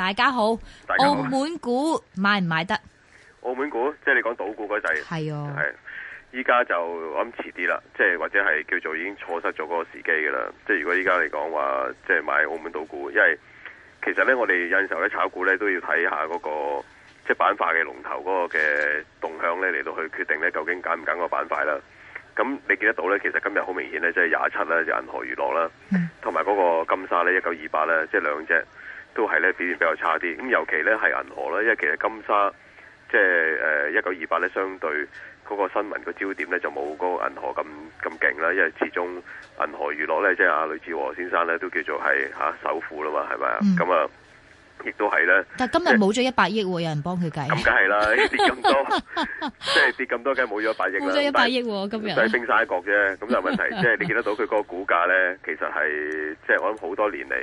大家好，澳門股買唔買得？澳門股即係你講賭股嗰陣，係哦，係依家就我諗遲啲啦，即係、啊、或者係叫做已經錯失咗嗰個時機噶啦。即係如果依家嚟講話，即係買澳門賭股，因為其實咧我哋有時候咧炒股咧都要睇下嗰、嗰個即係板塊嘅龍頭嗰個嘅動向咧嚟到去決定咧究竟揀唔揀個板塊啦。咁你記得到咧，其實今日好明顯咧，即係廿七啦，銀河娛樂啦，同埋嗰個金沙咧一九二八咧，28，即係兩隻。都係咧表現比較差啲，咁尤其咧係銀河啦，因為其實金沙即係誒一九二八咧相對嗰個新聞個焦點咧就冇個銀河咁咁勁啦，因為始終銀河娛樂咧即係阿呂志和先生咧都叫做係吓首富啦嘛，係咪啊？咁啊，亦都係啦。但係今日冇咗一百億喎，就是，有人幫佢計。咁梗係啦，跌咁多，即係 跌咁多，梗係冇咗一百億啦。跌咗一百億今日。就係冰山一角啫，咁有問題，就是，即係你見得到佢個股價咧，其實係即係我諗好多年嚟。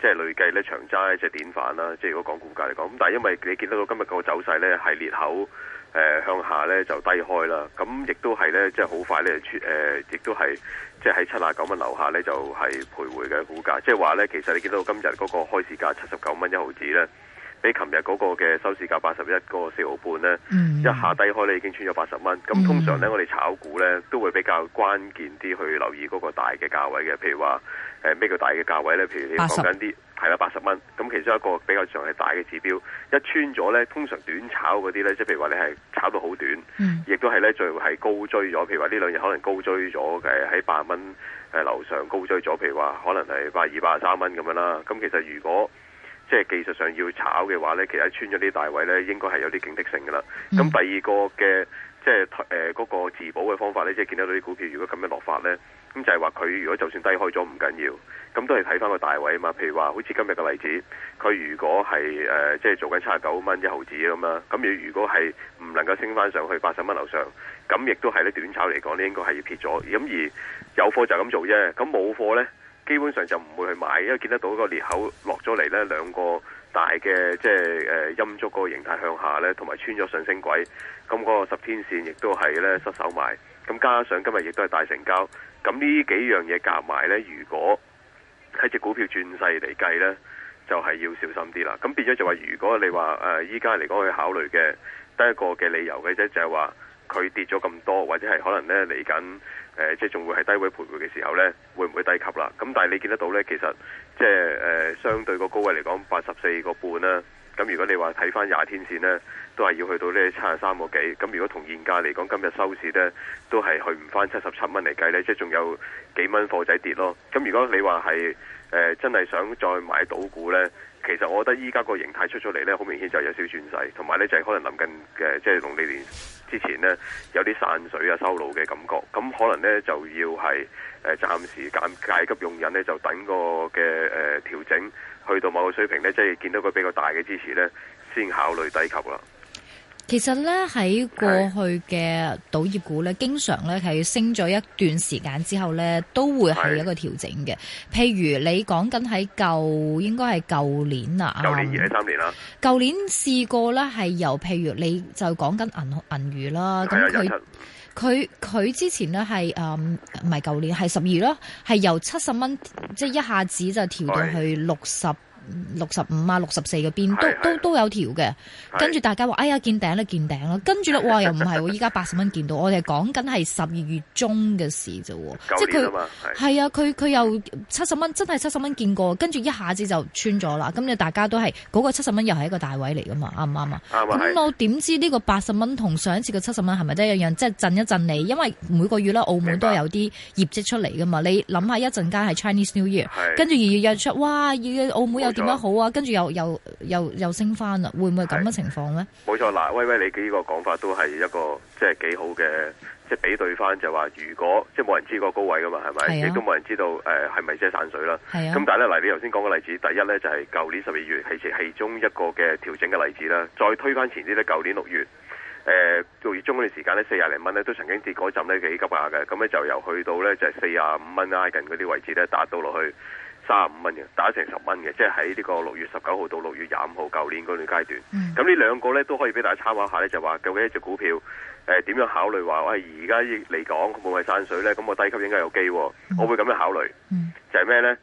即係累計咧，長渣即係典範啦。即係如果講股價嚟講，咁但係因為你見到今日個走勢咧係裂口，誒、呃、向下咧就低開啦。咁亦都係咧，即係好快咧出亦都係即係喺七十九蚊樓下咧就係、是、徘徊嘅股價。即係話咧，其實你見到今日嗰個開市價七十九蚊一毫紙咧。比琴日嗰個嘅收市價八十一個四毫半咧，嗯、一下低開咧已經穿咗八十蚊。咁通常咧，嗯、我哋炒股咧都會比較關鍵啲去留意嗰個大嘅價位嘅。譬如話，誒、呃、咩叫大嘅價位咧？譬如你講緊啲，係啦 80,，八十蚊。咁其中一個比較上係大嘅指標，一穿咗咧，通常短炒嗰啲咧，即係譬如話你係炒到好短，亦都係咧，最後係高追咗。譬如話、嗯、呢兩日可能高追咗嘅，喺八蚊誒樓上高追咗。譬如話可能係八二八三蚊咁樣啦。咁其實如果即係技術上要炒嘅話呢，其實穿咗啲大位呢，應該係有啲警惕性噶啦。咁、嗯、第二個嘅即係誒嗰個自保嘅方法呢，即係見到啲股票如果咁樣落法呢，咁就係話佢如果就算低開咗唔緊要，咁都係睇翻個大位啊嘛。譬如話好似今日嘅例子，佢如果係誒、呃、即係做緊七十九蚊一毫紙咁啦，咁如果係唔能夠升翻上去八十蚊樓上，咁亦都係呢短炒嚟講呢應該係要撇咗。咁而有貨就係咁做啫，咁冇貨呢，基本上就唔會去買，因為見得到個裂口落咗嚟呢兩個大嘅即係誒陰燭個形態向下呢，同埋穿咗上升軌，咁嗰個十天線亦都係咧失守，咁加上今日亦都係大成交，咁呢幾樣嘢夾埋呢，如果喺隻股票轉勢嚟計呢，就係、是、要小心啲啦。咁變咗就話，如果你話誒依家嚟講去考慮嘅第一個嘅理由嘅啫，就係話佢跌咗咁多，或者係可能呢嚟緊。誒、呃，即係仲會係低位徘徊嘅時候呢，會唔會低級啦？咁但係你見得到呢，其實即係誒、呃、相對個高位嚟講，八十四個半啦。咁如果你話睇翻廿天線呢，都係要去到呢七十三個幾。咁如果同現價嚟講，今日收市呢都係去唔翻七十七蚊嚟計呢，即係仲有幾蚊貨仔跌咯。咁如果你話係誒真係想再買倒股呢，其實我覺得依家個形態出咗嚟呢，好明顯就有少少轉勢，同埋呢就係、是、可能臨近嘅即係農曆年。之前呢，有啲散水啊、收爐嘅感覺，咁可能呢就要係誒暫時戒急用忍呢，就等個嘅誒調整去到某個水平呢，即係、就是、見到個比較大嘅支持呢，先考慮低級啦。其實咧喺過去嘅賭業股咧，經常咧係升咗一段時間之後咧，都會係一個調整嘅。譬如你講緊喺舊應該係舊年啊，舊年二三年啦，舊年試過咧係由譬如你就講緊銀銀娛啦，咁佢佢佢之前咧係誒唔係舊年係十二咯，係由七十蚊即係一下子就調到去六十。六十五啊，六十四個邊都都都有條嘅，跟住是是 大家話哎呀見頂啦見頂啦，跟住咧哇又唔係、啊，依家八十蚊見到， 我哋講緊係十二月中嘅事啫，即係佢係啊，佢佢的的又七十蚊真係七十蚊見過，跟住一下子就穿咗啦，咁你大家都係嗰、那個七十蚊又係一個大位嚟噶嘛，啱唔啱啊？咁我點知呢個八十蚊同上一次嘅七十蚊係咪都一樣？即、就、係、是、震一震你，因為每個月呢，澳門都有啲業績出嚟噶嘛，白你諗下一陣間係 Chinese New Year，跟住二月日出哇，澳門又點樣、啊、好啊？跟住，又又又又升翻啦？會唔會咁嘅情況咧？冇錯嗱，威威，你嘅呢個講法都係一個即係幾好嘅，即係比對翻就話，如果即係冇人知個高位噶嘛，係咪？亦都冇人知道誒係咪即係散水啦？咁是、啊、但係咧，嗱，你頭先講嘅例子，第一咧就係、是、舊年十二月，其其中一個嘅調整嘅例子啦。再推翻前啲咧，舊年六月，誒、呃、六月中嗰段時間咧，四廿零蚊咧都曾經跌嗰陣咧幾急下嘅，咁咧就由去到咧就係四廿五蚊挨近嗰啲位置咧，達到落去。三十五蚊嘅打成十蚊嘅，即係喺呢個六月十九號到六月廿五號，舊年嗰段階段。咁、嗯、呢兩個咧都可以俾大家參考下咧，就話究竟一隻股票誒點、呃、樣考慮？話喂而家嚟講佢冇係山水呢，咁我低級應該有機、哦，嗯、我會咁樣考慮。嗯、就係咩呢？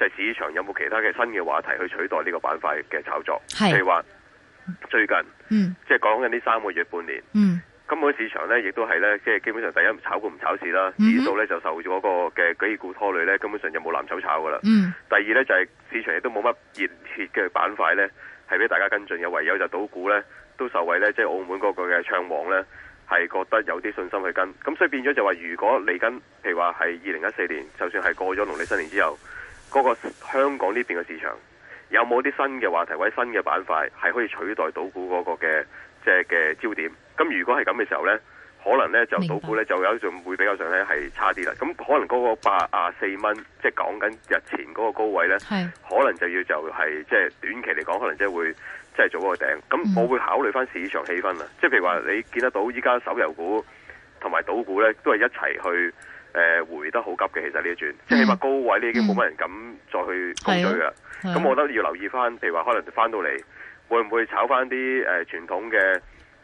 就係、是、市場有冇其他嘅新嘅話題去取代呢個板塊嘅炒作？係是。譬如話最近，嗯、即係講緊呢三個月半年，嗯根本市場咧，亦都係咧，即係基本上第一炒股唔炒市啦，指數咧就受住嗰個嘅舉股拖累咧，根本上就冇藍籌炒噶啦。嗯、第二咧就係、係、市場亦都冇乜熱血嘅板塊咧，係俾大家跟進嘅，唯有就賭股咧都受惠咧，即係澳門嗰個嘅暢旺咧，係覺得有啲信心去跟。咁所以變咗就話，如果你跟，譬如話係二零一四年，就算係過咗農曆新年之後，嗰、嗰個香港呢邊嘅市場有冇啲新嘅話題或者新嘅板塊係可以取代賭股嗰個嘅即係嘅焦點？咁如果係咁嘅時候呢，可能呢就賭股呢，白就有仲會比較上咧係差啲啦。咁可能嗰個八啊四蚊，即係講緊日前嗰個高位呢，的可能就要就係即係短期嚟講，可能即係會即係、就是、做嗰個頂。咁我會考慮翻市場氣氛啊，即係、嗯、譬如話你見得到依家手遊股同埋賭股呢，都係一齊去誒、呃、回得好急嘅。其實呢一轉，即係、嗯、起碼高位呢已經冇乜人敢再去高追噶。咁、嗯嗯、我覺得要留意翻，譬如話可能翻到嚟會唔會炒翻啲誒傳統嘅。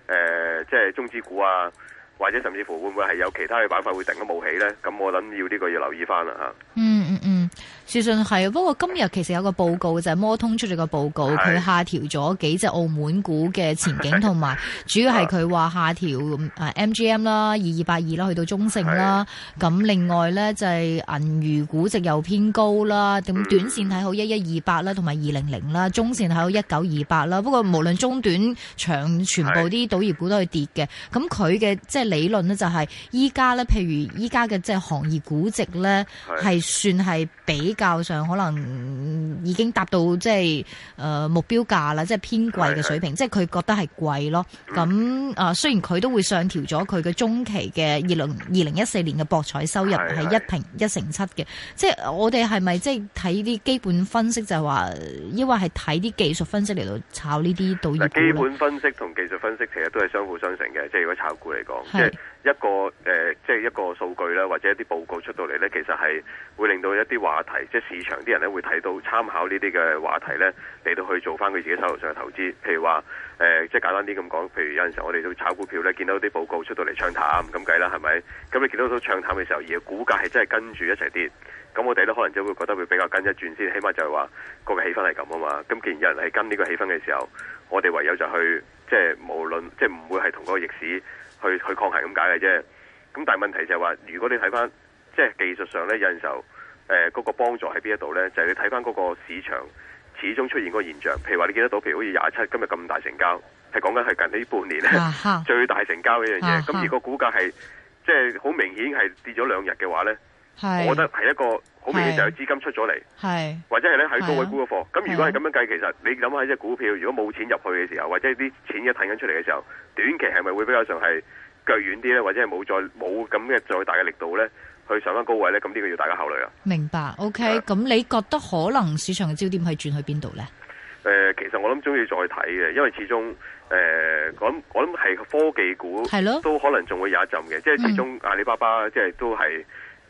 誒、呃，即係中資股啊，或者甚至乎會唔會係有其他嘅板塊會突然間冇起咧？咁我諗要呢個要留意翻啦吓。嗯。資訊係，不過今日其實有個報告就係摩通出咗個報告，佢、就是、是下調咗幾隻澳門股嘅前景，同埋 主要係佢話下調 MGM 啦，二二八二啦，去到中性啦。咁是另外呢，就係銀娛估值又偏高啦。咁短線睇好一一二八啦，同埋二零零啦，中線睇好一九二八啦。不過無論中短長全部啲賭業股都係跌嘅。咁佢嘅即係理論呢、就是，就係依家呢，譬如依家嘅即係行業估值呢，係是算係比。比較上可能已經達到即係誒目標價啦，即係偏貴嘅水平，是是即係佢覺得係貴咯。咁啊、嗯呃，雖然佢都會上調咗佢嘅中期嘅二零二零一四年嘅博彩收入係一平一成七嘅，是是即係我哋係咪即係睇啲基本分析就係話，抑或係睇啲技術分析嚟到炒呢啲賭業？基本分析同技術分析其實都係相輔相成嘅，即係如果炒股嚟講。一個誒、呃，即係一個數據啦，或者一啲報告出到嚟呢，其實係會令到一啲話題，即係市場啲人呢會睇到參考呢啲嘅話題呢，嚟到去做翻佢自己手頭上嘅投資。譬如話誒、呃，即係簡單啲咁講，譬如有陣時我哋都炒股票呢，見到啲報告出到嚟唱淡咁計啦，係咪？咁你見到都唱淡嘅時候，而股價係真係跟住一齊跌，咁我哋呢可能就會覺得會比較跟一轉先，起碼就係話個氣氛係咁啊嘛。咁既然有人係跟呢個氣氛嘅時候，我哋唯有就去即係無論即係唔會係同嗰個逆市。去去抗衡咁解嘅啫，咁但係問題就係話，如果你睇翻即係技術上咧，有陣時候誒嗰、呃那個幫助喺邊一度咧，就係、是、你睇翻嗰個市場始終出現嗰個現象，譬如話你見得到，譬如好似廿七今日咁大成交，係講緊係近呢半年、uh huh. 最大成交一樣嘢，咁、uh huh. 而個股價係即係好明顯係跌咗兩日嘅話咧。是我覺得係一個好明顯就係資金出咗嚟，是或者係咧喺高位沽咗貨。咁、啊、如果係咁樣計，啊、其實你諗下隻股票，如果冇錢入去嘅時候，或者啲錢一褪緊出嚟嘅時候，短期係咪會比較上係腳軟啲咧？或者係冇再冇咁嘅再大嘅力度咧，去上翻高位咧？咁、這、呢個要大家考慮啦。明白，OK？咁吧你覺得可能市場嘅焦點係轉去邊度咧？誒、呃，其實我諗中意再睇嘅，因為始終誒、呃，我想我諗係科技股係咯，都可能仲會有一陣嘅。即係始終阿里巴巴、嗯、即係都係。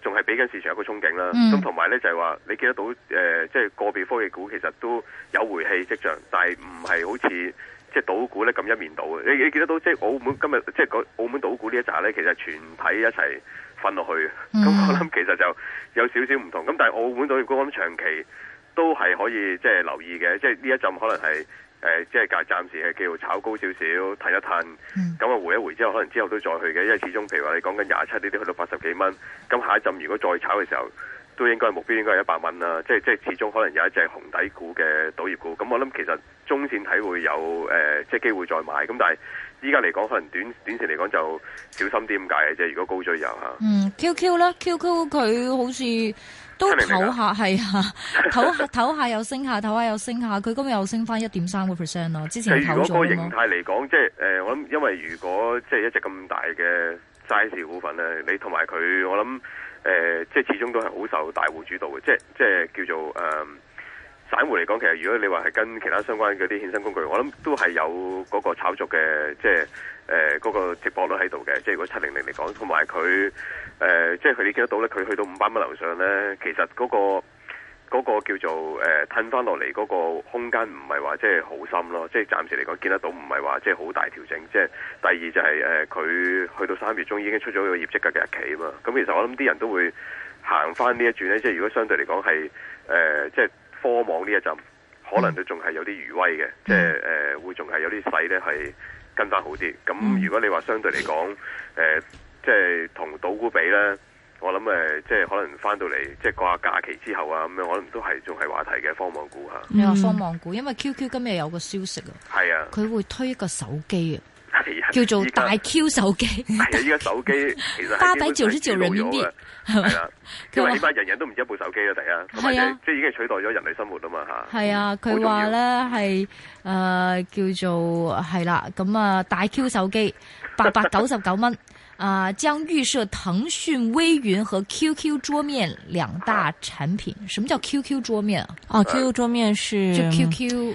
仲係俾緊市場一個憧憬啦，咁同埋咧就係話你見得到誒，即、呃、係、就是、個別科技股其實都有回氣跡象，但係唔係好似即係賭股咧咁一面倒嘅。你你見得到即係、就是、澳門今日即係嗰澳門賭股呢一紮咧，其實全體一齊瞓落去。咁我諗其實就有少少唔同。咁、嗯、但係澳門賭股咁長期都係可以即係、就是、留意嘅，即係呢一陣可能係。誒、呃，即係暫暫時係叫炒高少少，褪一褪，咁啊、嗯、回一回之後，可能之後都再去嘅，因為始終譬如話你講緊廿七呢啲去到八十幾蚊，咁下一浸如果再炒嘅時候，都應該目標應該係一百蚊啦，即係即係始終可能有一隻紅底股嘅賭業股，咁我諗其實中線睇會有誒、呃，即係機會再買，咁但係依家嚟講可能短短線嚟講就小心啲咁解嘅啫，如果高咗又吓。嗯，QQ 啦，QQ 佢好似。唞下，係啊，唞 下唞下，下又升下，唞下又升下，佢今日又升返一點三個 percent 咯。之前唞咗咯。如果個形態嚟講，即係誒，我諗因為如果即係、就是、一隻咁大嘅 size 股份咧，你同埋佢，我諗誒，即、呃、係、就是、始終都係好受大戶主導嘅，即係即係叫做誒。呃散戶嚟講，其實如果你話係跟其他相關嗰啲衍生工具，我諗都係有嗰個炒作嘅，即係誒嗰個跌幅率喺度嘅。即係如果七零零嚟講，同埋佢誒，即係佢哋見得到咧，佢去到五百蚊樓上咧，其實嗰、那個嗰、那個、叫做誒、呃、吞翻落嚟嗰個空間唔係話即係好深咯。即係暫時嚟講見得到，唔係話即係好大調整。即係第二就係、是、誒，佢、呃、去到三月中已經出咗個業績嘅日期啊嘛。咁其實我諗啲人都會行翻呢一轉咧。即係如果相對嚟講係、呃、即係。科網呢一浸，可能都仲係有啲餘威嘅，即係誒會仲係有啲細咧，係跟翻好啲。咁如果你話相對嚟講，誒即係同賭股比咧，我諗誒即係可能翻到嚟，即係過下假期之後啊，咁樣可能都係仲係話題嘅科網股吓。你話科網股，因為 QQ 今日有個消息啊，係啊，佢會推一個手機啊。叫做大 Q 手機，依家 Q 手機花底照都照人民幣，係咪？佢話而家人人都唔知一部手機啊。大家，咁咪即係已經取代咗人類生活啊嘛，吓。係啊，佢話咧係誒叫做係啦，咁、呃、啊、嗯呃、大 Q 手機，八百九十九蚊啊，將、 呃、預設騰訊微雲和 QQ 桌面兩大產品，啊、什麼叫 QQ 桌面啊？啊，QQ、啊、桌面是就 QQ。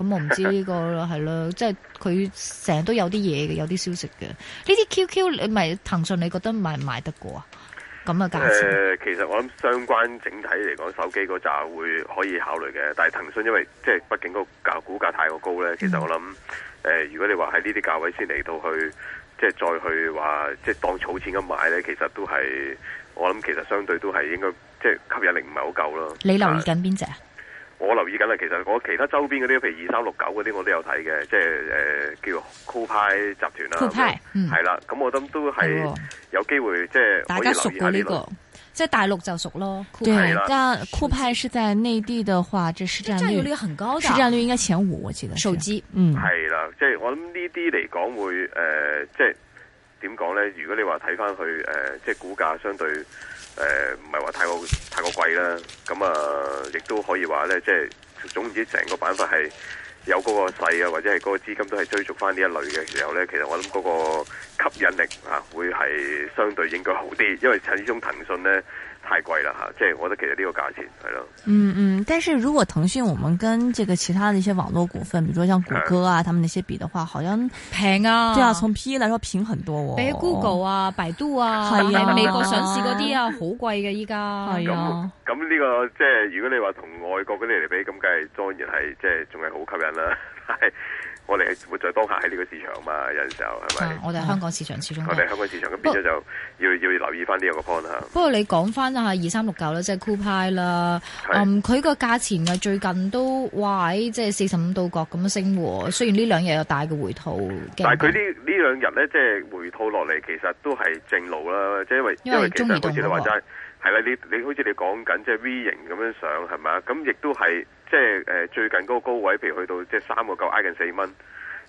咁、嗯、我唔知呢、呢個係咯， 即係佢成日都有啲嘢嘅，有啲消息嘅。呢啲 QQ 咪騰訊，你覺得賣唔賣得過啊？咁嘅價？誒、呃，其實我諗相關整體嚟講，手機嗰扎會可以考慮嘅。但係騰訊因為即係畢竟個價股價太過高咧，其實我諗誒、嗯哼呃，如果你話喺呢啲價位先嚟到去，即係再去話即係當儲錢咁買咧，其實都係我諗，其實相對都係應該即係吸引力唔係好夠咯。你留意緊邊隻？我留意緊啦，其實我其他周邊嗰啲，譬如二三六九嗰啲，我都有睇嘅，即係誒、呃、叫酷派集團啦，係啦，咁、嗯、我諗都係有機會，即係、這個、可以熟過呢個。即係大，這個、大陸就熟咯，酷派。係啦了，但酷是派是在內地嘅話，即係市佔率真係要呢個很高嘅。市佔率應該前五，我記得手機。嗯，係啦，即係我諗呢啲嚟講會誒、呃，即係點講呢？如果你話睇返去、呃、即係股價相對。誒唔係話太過太過貴啦，咁啊亦都可以話咧，即係總之，成個板塊係有嗰個勢啊，或者係嗰個資金都係追逐翻呢一類嘅時候咧，其實我諗嗰個吸引力啊會係相對應該好啲，因為趁依種騰訊咧。太貴啦吓，即、就、係、是、我覺得其實呢個價錢係咯。對了嗯嗯，但係如果騰訊，我們跟這個其他的一些網絡股份，比如說像谷歌啊，嗯、他們那些比的話，好像平啊。對啊，從 P E 來說平很多、哦、比 Google 啊、百度啊， 喺美國上市嗰啲啊，好貴嘅依家。係啊 了。咁呢、這個即係、就是、如果你話同外國嗰啲嚟比，咁梗係當然係即係仲係好吸引啦、啊。我哋係活在當下喺呢個市場啊嘛，有陣時候係咪？我哋香港市場始終係。我哋香港市場咁過變咗就要要留意翻呢兩個 point 不過你講翻啊，二三六九啦，即係酷派啦，佢個價錢啊，最近都哇喺即係四十五度角咁樣升喎。雖然呢兩日有大嘅回吐，怕怕但係佢呢呢兩日咧，即係回吐落嚟，其實都係正路啦。即係因為因為,中因為其實好似你話齋，係啦、那個，你你好似你講緊即係 V 型咁樣上係嘛，咁亦都係。即係誒最近嗰個高位，譬如去到即係三個九挨近四蚊，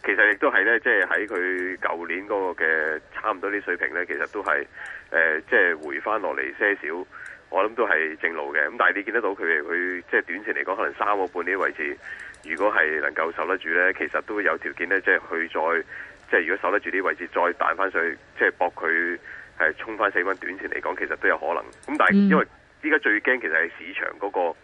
其實亦都係咧，即係喺佢舊年嗰個嘅差唔多啲水平咧，其實都係誒即係回翻落嚟些少。我諗都係正路嘅。咁但係你見得到佢，佢即係短線嚟講可能三個半呢啲位置，如果係能夠守得住咧，其實都有條件咧，即係去再即係如果守得住呢啲位置，再彈翻上去，即係搏佢係衝翻四蚊。短線嚟講，其實都有可能。咁但係因為依家最驚其實係市場嗰個。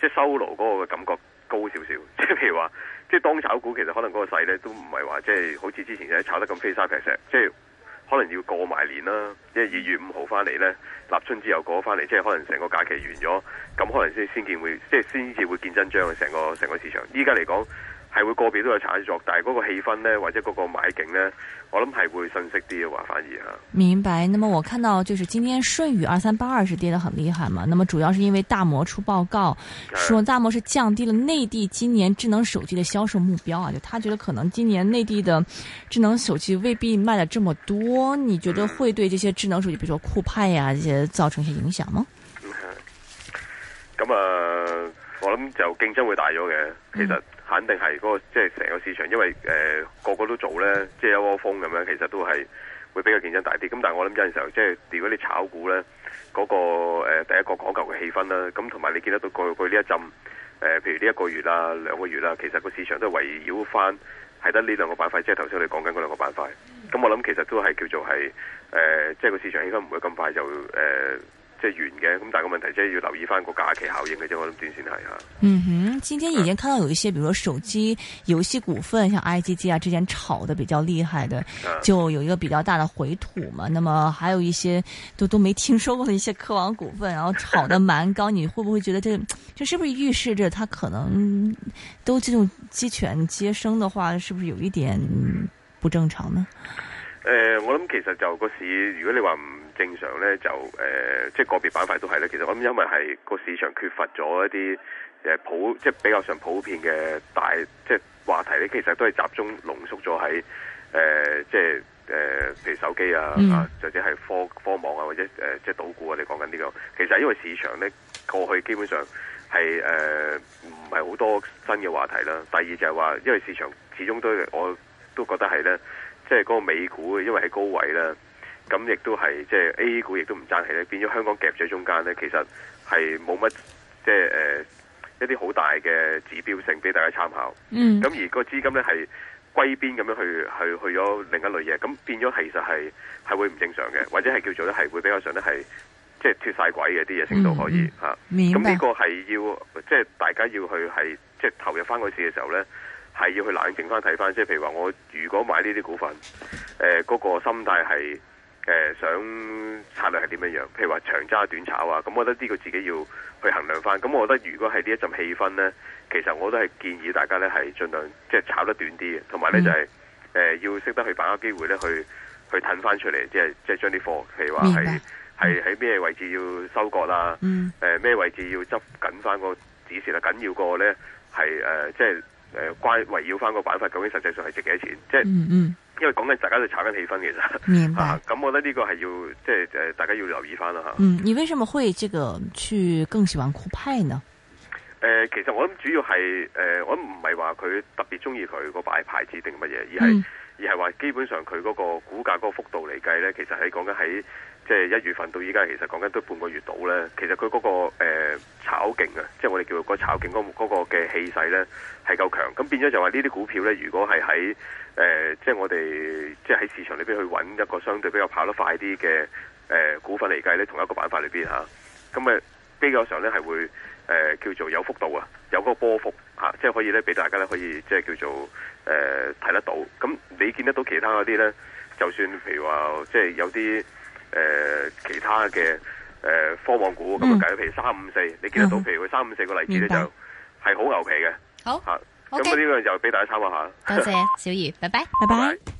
即係收爐嗰個感覺高少少，即係譬如話，即係當炒股其實可能嗰個勢咧都唔係話即係好似之前喺炒得咁飛沙走石，即係可能要過埋年啦，即係二月五號翻嚟咧，立春之後過翻嚟，即係可能成個假期完咗，咁可能先先見會即係先至會見真章成個成個市場。依家嚟講。係會個別都有炒作，但係嗰個氣氛呢，或者嗰個買景呢，我諗係會遜色啲嘅話，反而吓。明白。那麼我看到就是今天舜宇二三八二是跌得很厲害嘛，那麼主要是因為大摩出報告，的說大摩是降低了內地今年智能手機的銷售目標啊，就他覺得可能今年內地的智能手機未必賣得這麼多。你覺得會對這些智能手機，嗯、比如說酷派呀、啊，這些造成一些影響嗎？咁、嗯、啊，我諗就競爭會大咗嘅，其實、嗯。肯定係嗰、那個即係成個市場，因為誒、呃、個個都做咧，即係一窩蜂咁樣，其實都係會比較競爭大啲。咁但係我諗有陣時候，即係如果你炒股咧，嗰、那個、呃、第一個講求嘅氣氛啦，咁同埋你見得到過去呢一浸，誒、呃，譬如呢一個月啦、兩個月啦，其實個市場都係圍繞翻係得呢兩個板塊，即係頭先我哋講緊嗰兩個板塊。咁我諗其實都係叫做係誒、呃，即係個市場氣氛唔會咁快就誒。呃即係完嘅，咁但係個問題即係要留意翻個假期效應嘅啫，我諗短線係啊。嗯哼，今天已經看到有一些，比如說手機遊戲股份，啊、像 I G G 啊，之前炒得比較厲害的，啊、就有一個比較大的回吐嘛。那麼還有一些都都沒聽說過的一些科網股份，然後炒得蠻高。 你會不會覺得這這、就是不是預示着他可能、嗯、都這種雞犬接生的話，是不是有一點不正常呢？誒、呃，我諗其實就個市，如果你話唔。正常咧就誒、呃，即係個別板塊都係咧。其實我諗因為係個市場缺乏咗一啲誒普，即係比較上普遍嘅大即係話題，咧。其實都係集中濃縮咗喺誒即係誒，譬、呃、如手機啊，啊，或者係科科網啊，或者誒、呃、即係賭股啊。你講緊呢個，其實因為市場咧過去基本上係誒唔係好多新嘅話題啦。第二就係話，因為市場始終都我都覺得係咧，即係嗰個美股因為喺高位咧。咁亦都係，即、就、係、是、A、e、股亦都唔爭氣咧，變咗香港夾咗中間咧，其實係冇乜，即係誒一啲好大嘅指標性俾大家參考。嗯。咁而個資金咧係歸邊咁樣去去去咗另一類嘢，咁變咗其實係係會唔正常嘅，或者係叫做咧係會比較上咧係即係脫晒軌嘅啲嘢程度可以吓。咁呢、嗯啊、個係要即係、就是、大家要去係即係投入翻個市嘅時候咧，係要去冷靜翻睇翻，即係、就是、譬如話我如果買呢啲股份，誒、呃、嗰、那個心態係。誒、呃、想策略係點樣？譬如話長揸短炒啊，咁我覺得呢個自己要去衡量翻。咁我覺得如果係呢一陣氣氛呢，其實我都係建議大家呢，係儘量即係炒得短啲。同埋呢、嗯、就係、是、誒、呃、要識得去把握機會呢，去去騰翻出嚟，即係即係將啲貨，譬如話係係喺咩位置要收割啦、啊，誒咩、嗯呃、位置要執緊翻個指示啦、啊，緊要過呢係誒、呃、即係。誒，關圍繞翻個板塊究竟實際上係值幾多錢？即係，嗯嗯、因為講緊大家都炒緊氣氛嘅啫，、明白、啊、咁我覺得呢個係要，即係誒，大家要留意翻啦吓。嗯，你為什麼會這個去更喜歡酷派呢？誒、呃，其實我諗主要係，誒、呃，我唔係話佢特別中意佢個擺牌子定乜嘢，而係、嗯、而係話基本上佢嗰個股價嗰個幅度嚟計咧，其實喺講緊喺。即係一月份到依家，其實講緊都半個月到咧。其實佢嗰、那個誒、呃、炒勁啊，即係我哋叫做嗰炒勁嗰、嗰個嘅氣勢咧係夠強。咁、那個、變咗就話呢啲股票咧，如果係喺誒即係我哋即係喺市場裏邊去揾一個相對比較跑得快啲嘅誒股份嚟計咧，同一個板塊裏邊吓，咁、啊、誒比較上咧係會誒、呃、叫做有幅度啊，有嗰個波幅吓、啊，即係可以咧俾大家咧可以即係叫做誒睇、呃、得到。咁你見得到其他嗰啲咧，就算譬如話即係有啲。誒、呃，其他嘅誒、呃、科網股咁樣、嗯、譬如三五四，你見得到譬如佢三五四個例子咧白就係好牛皮嘅。好吓，咁呢個就俾大家參考一下多謝，謝小魚。 拜拜，拜拜。拜拜。